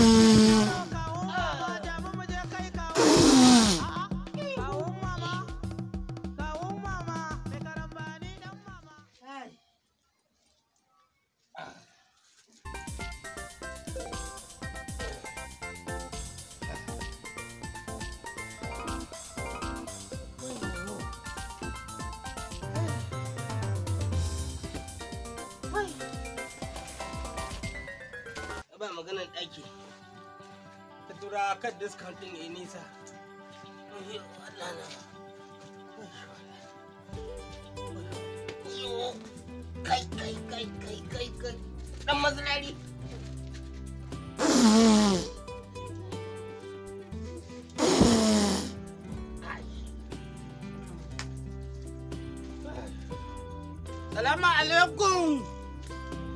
Mm-hmm. ba maganar ɗaki ka tura kan discount ɗin ya nisa kai kai kai kai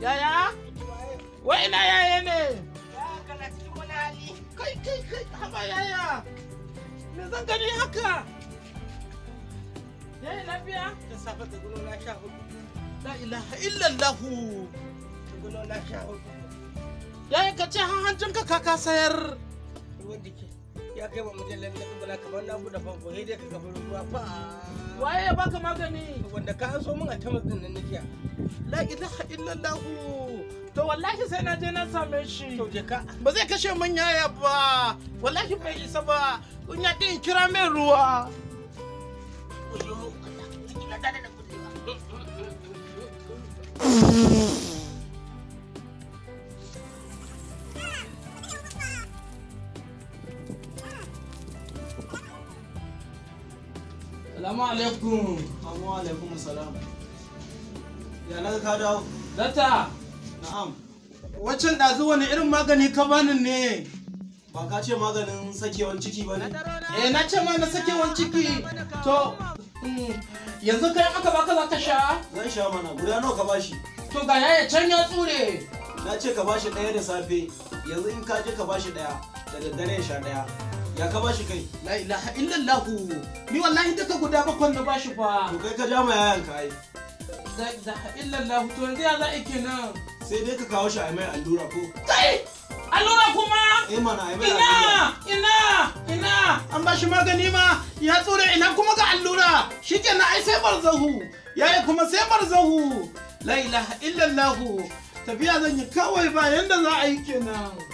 Yaya? wai na yaya ne kai kai kai haba yaya me zan gani haka yayi lafiya da safa ta gulo na sha hudu la ilaha illallah ta gulo na sha hudu yayi ka ce hanjin ka ka sayar ruwan jiki ya kai wa mujallar na kuma kamar na buɗe famfo sai dai ka gaba ruwa fa waye ya baka magani wanda ka an so min a tamar din nan nake la ilaha illallah to wallahi sai na je na same shi ba zai kashe min yaya ba wallahi bai isa ba kun ya in kira min ruwa Salamu alaikum. Salamu alaikum salam. Ya na ka dawo. zata. Waccan ɗazu wani irin magani ka bani ne? Ba ka ce maganin sakewan ciki ba ne? Eh na ce ma na sakewan ciki. To hmm, yanzu kai aka baka za ka sha? Zan sha mana guda nawa ka bashi. To ga yaya can ya tsure. Na ce ka bashi ɗaya da safe yanzu in ka je ka bashi ɗaya da daddare ya sha ɗaya. ya ka bashi kai la ilaha illallah ni wallahi duka guda bakwai na bashi fa to kai ka ja ma yayan ka ai la ilaha illallah to yanzu ya za a kenan sai dai ka kawo shi a mai allura ko kai allura kuma eh mana a mai ina ina ina an ba shi magani ma ya tsure ina kuma ga allura Shi ke na ai sai barzahu yi kuma sai barzahu la ilaha illallah tafiya zan yi kawai bayan da za a yi kenan